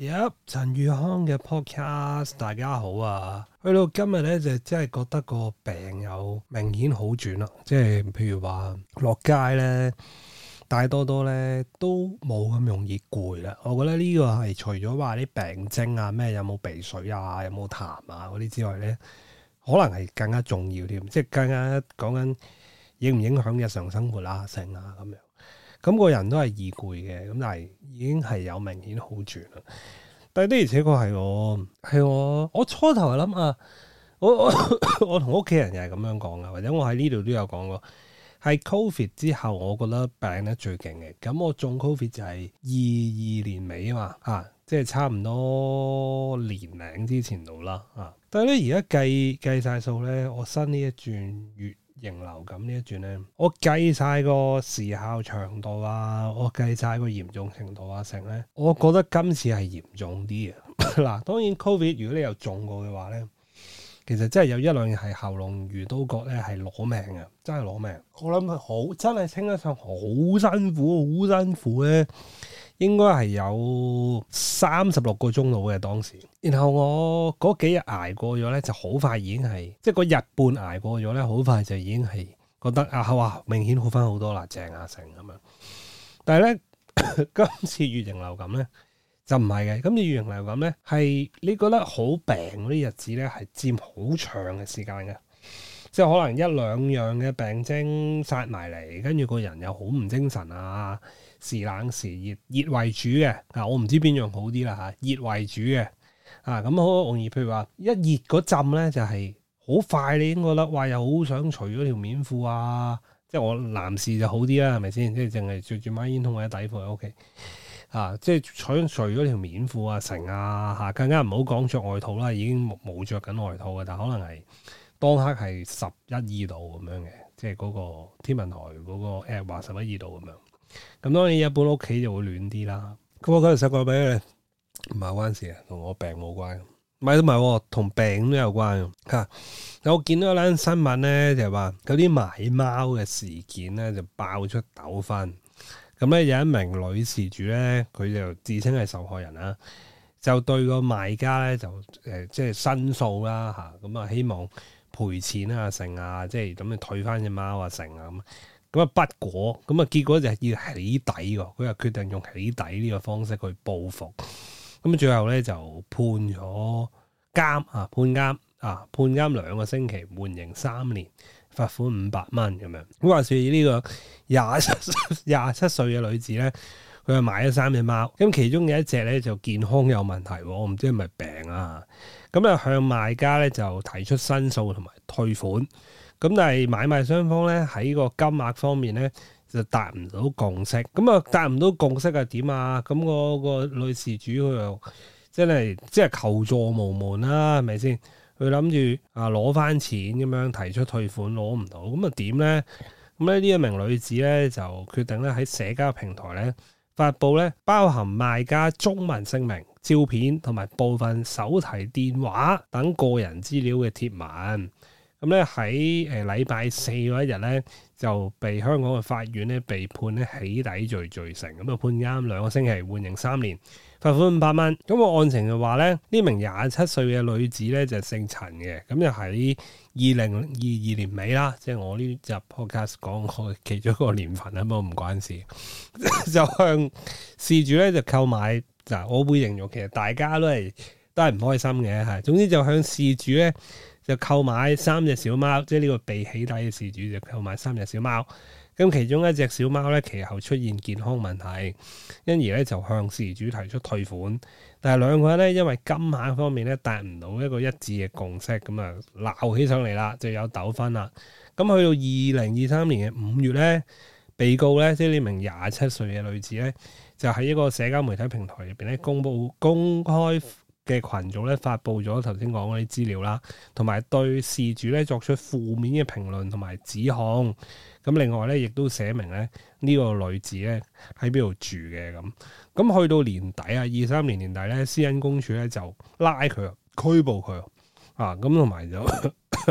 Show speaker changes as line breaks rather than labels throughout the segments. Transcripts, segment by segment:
入陳宇康嘅 podcast，大家好啊！去到今日咧，就真係覺得個病有明顯好轉啦。即係譬如話落街咧，帶多多咧都冇咁容易攰啦。我覺得呢個係除咗話啲病徵啊，咩有冇鼻水啊，有冇痰啊嗰啲之外咧，可能係更加重要啲，即係更加講緊影唔影響日常生活啊、成啊咁樣。咁個人都係易攰嘅，咁但係已經係有明顯好轉啦。但係的而且確係我係我，我初頭係諗啊，我我 我同屋企人又係咁樣講噶，或者我喺呢度都有講過，係 Covid 之後我覺得病得最勁嘅。咁我中 Covid 就係二二年尾啊嘛，啊，即係差唔多年零之前度啦。啊，但係咧而家計計晒數咧，我新呢一轉月，型流感呢一轉呢，我計晒個時效長度啊，我計晒個嚴重程度啊，成呢，我覺得今次係嚴重啲啊！嗱， 當然 Covid 如果你有中過嘅話呢，其實真係有一兩日係喉嚨如刀割咧，係攞命嘅，真係攞命。我諗佢好真係稱得上好辛苦，好辛苦咧，啊。應該係有三十六個鐘到嘅當時，然後我嗰幾日捱過咗咧，就好快已經係，即係個日半捱過咗咧，好快就已經係覺得啊，好啊，明顯好返好多啦，正啊，成咁樣。但係咧， 今次乙型流感咧就唔係嘅，今次乙型流感咧係你覺得好病嗰啲日子咧係佔好長嘅時間嘅。即係可能一兩樣嘅病徵，晒埋嚟，跟住個人又好唔精神啊！時冷時熱，熱為主嘅。嗱，我唔知邊樣好啲啦吓，熱為主嘅。啊，咁好容易，譬、啊啊嗯嗯、如話一熱嗰陣咧，就係、是、好快，你應該覺得哇，又好想除咗條棉褲啊！即係我男士就好啲啦、啊，係咪先？即係淨係着住孖煙筒或者底褲喺屋企，啊，即係想除咗條棉褲啊、成啊，吓、啊、更加唔好講着外套啦，已經冇着緊外套嘅，但可能係。當刻係十一二度咁樣嘅，即係嗰個天文台嗰、嗰個 app 話、哎、十一二度咁樣。咁當然一般屋企就會暖啲啦。咁我今日想講俾你，唔係關事啊，同我病冇關。唔係都唔係，同病都有關吓、啊，我見到一單新聞咧，就話嗰啲買貓嘅事件咧就爆出糾紛。咁、啊、咧有一名女事主咧，佢就自稱係受害人啦、啊，就對個賣家咧就誒、呃、即係申訴啦吓，咁啊，啊希望。賠錢啊，成啊，即係咁啊，退翻隻貓啊，成啊，咁咁啊，不過咁啊，結果就係要起底嘅，佢又決定用起底呢個方式去報復。咁最後咧就判咗監啊，判監啊，判監兩個星期，緩刑三年，罰款五百蚊咁樣。咁話說呢、呢個廿廿七歲嘅女子咧。佢又買咗三隻貓，咁其中有一隻咧就健康有問題，我唔知係咪病啊。咁啊向賣家咧就提出申訴同埋退款，咁但係買賣雙方咧喺個金額方面咧就達唔到共識。咁啊達唔到共識係點啊？咁、那、嗰個女事主佢又真係即係求助無門啦，係咪先？佢諗住啊攞返錢咁樣提出退款攞唔到，咁啊點咧？咁咧呢一名女子咧就決定咧喺社交平台咧。發布咧包含賣家中文姓名、照片同埋部分手提電話等個人資料嘅貼文。咁咧喺誒禮拜四嗰一日咧，就被香港嘅法院咧被判咧起底罪罪成，咁啊判監兩個星期，緩刑三年，罰款五百蚊。咁、嗯、個案情就話咧，呢名廿七歲嘅女子咧就姓陳嘅，咁就喺二零二二年尾啦，即、就、係、是、我呢集 podcast 講開其中一個年份啊，冇唔關事， 就向事主咧就購買嗱，我會形容其實大家都係都係唔開心嘅，係總之就向事主咧。就購買三隻小貓，即係呢個被起底嘅事主就購買三隻小貓，咁其中一隻小貓咧，其後出現健康問題，因而咧就向事主提出退款，但係兩個人呢，因為金額方面咧達唔到一個一致嘅共識，咁啊鬧起上嚟啦，就有糾紛啦。咁去到二零二三年嘅五月呢，被告咧即係呢、就是、名廿七歲嘅女子咧，就喺一個社交媒體平台入邊咧公佈公開嘅群組咧發布咗頭先講嗰啲資料啦，同埋對事主咧作出負面嘅評論同埋指控，咁另外咧亦都寫明咧呢個女子咧喺邊度住嘅咁，咁去到年底啊，二三年年底咧，私隱公署咧就拉佢啊，拘捕佢啊，咁同埋就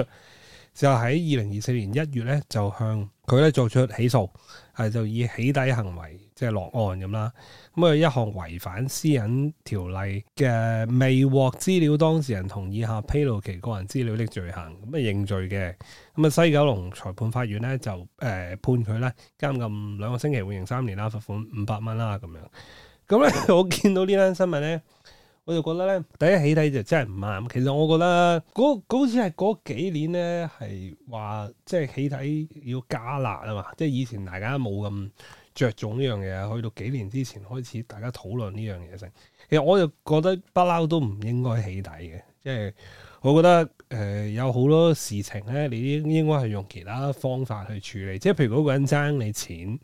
就喺二零二四年一月咧就向佢咧作出起訴，係就以起底行為。即係落案咁啦，咁啊一項違反私隱條例嘅未獲資料當事人同意下披露其個人資料的罪行，咁啊認罪嘅，咁啊西九龍裁判法院咧就誒、呃、判佢咧監禁兩個星期，緩刑三年啦，罰款五百蚊啦咁樣。咁咧我見到聞呢單新聞見到呢單新聞咧，我就覺得咧，第一起底就真係唔啱。其實我覺得嗰好似係嗰幾年咧係話即係起底要加辣啊嘛，即係以前大家冇咁着重呢樣嘢，去到幾年之前開始，大家討論呢樣嘢成其實我就覺得不嬲都唔應該起底嘅，即係我覺得誒、呃、有好多事情咧，你應應該係用其他方法去處理。即係譬如嗰個人爭你錢，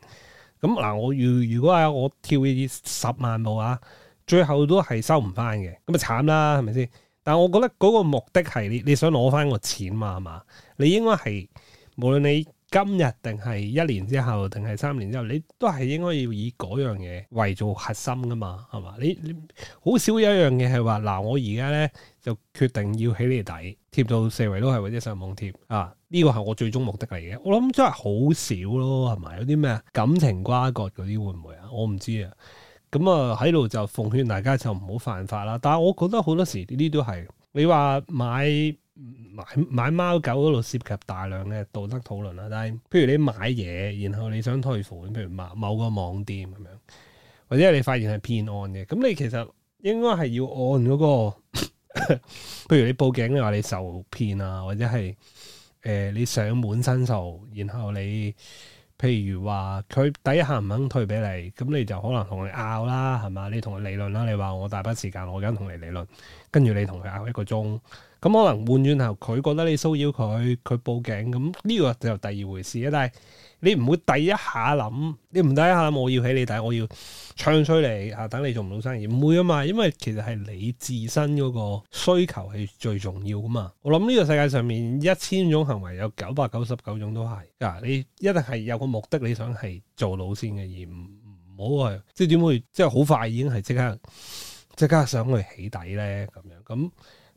咁嗱，我如如果啊，我跳十萬步啊，最後都係收唔翻嘅，咁啊慘啦，係咪先？但係我覺得嗰個目的係你你想攞翻個錢嘛係嘛，你應該係無論你。今日定係一年之後，定係三年之後，你都係應該要以嗰樣嘢為做核心噶嘛，係嘛？你你好少有一樣嘢係話嗱，我而家咧就決定要起你底，貼到四圍都係，或者上網貼啊，呢個係我最終目的嚟嘅。我諗真係好少咯，係咪？有啲咩感情瓜葛嗰啲會唔會啊？我唔知啊。咁啊喺度就奉勸大家就唔好犯法啦。但係我覺得好多時呢啲都係你話買。買買貓狗嗰度涉及大量嘅道德討論啦，但係譬如你買嘢，然後你想退款，譬如某某個網店咁樣，或者你發現係騙案嘅，咁你其實應該係要按嗰個， 譬如你報警話你，你受騙啊，或者係誒、呃、你上門申訴，然後你。譬如話佢第一下唔肯退俾你，咁你就可能同佢拗啦，係嘛？你同佢理論啦，你話我大把時間，我梗同你理論，跟住你同佢拗一個鐘，咁可能換轉頭佢覺得你騷擾佢，佢報警，咁呢個就第二回事啊，但係。你唔會第一下諗，你唔第一下我要起你底，我要唱衰你啊！等你做唔到生意，唔會啊嘛，因為其實係你自身嗰個需求係最重要噶嘛。我諗呢個世界上面一千種行為有九百九十九種都係，嗱、啊、你一定係有個目的你想係做老先嘅，而唔好去。即係點會即係好快已經係即刻即刻想去起底咧，咁樣咁。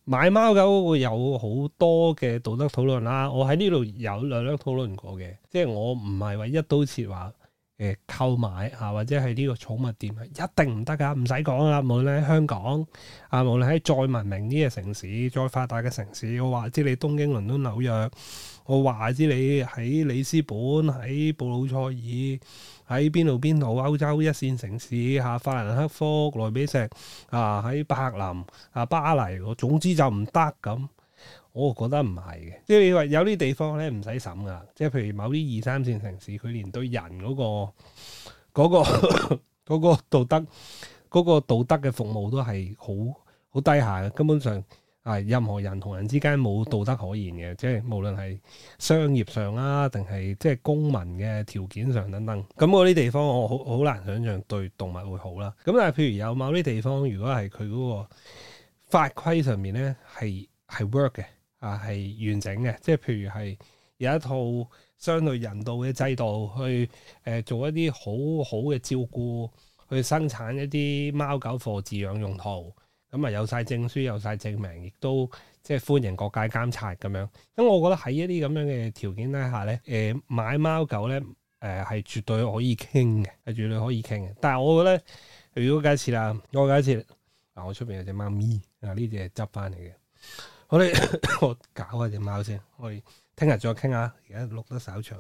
買貓狗會有好多嘅道德討論啦，我喺呢度有略略討論過嘅，即係我唔係話一刀切話。誒購買嚇、啊、或者係呢個寵物店係一定唔得㗎，唔使講啦。無論喺香港啊，無論喺再文明啲嘅城市、再發達嘅城市，我話知你東京、倫敦、紐約，我話知你喺里斯本、喺布魯塞爾、喺邊度邊度歐洲一線城市嚇、啊，法蘭克福、萊比錫啊，喺柏林啊、巴黎，總之就唔得咁。我覺得唔係嘅，即係你話有啲地方咧唔使審噶，即係譬如某啲二三線城市，佢連對人嗰個、嗰個、嗰 個道德、嗰個道德嘅服務都係好好低下嘅，根本上啊、哎、任何人同人之間冇道德可言嘅，即係無論係商業上啦、啊，定係即係公民嘅條件上等等。咁嗰啲地方我好好難想象對動物會好啦。咁但係譬如有某啲地方，如果係佢嗰個法規上面咧係。係 work 嘅啊，係完整嘅，即係譬如係有一套相對人道嘅制度去誒、呃、做一啲好好嘅照顧，去生產一啲貓狗貨飼養用途，咁、嗯、啊有晒證書有晒證明，亦都即係歡迎各界監察咁樣。咁、嗯、我覺得喺一啲咁樣嘅條件底下咧，誒、呃、買貓狗咧誒係絕對可以傾嘅，係絕對可以傾嘅。但係我覺得如果假設啦，我假設嗱，我出邊有隻貓咪啊，呢隻係執翻嚟嘅。好，我哋 我搞下隻貓先，我哋聽日再傾下，而家錄得稍長。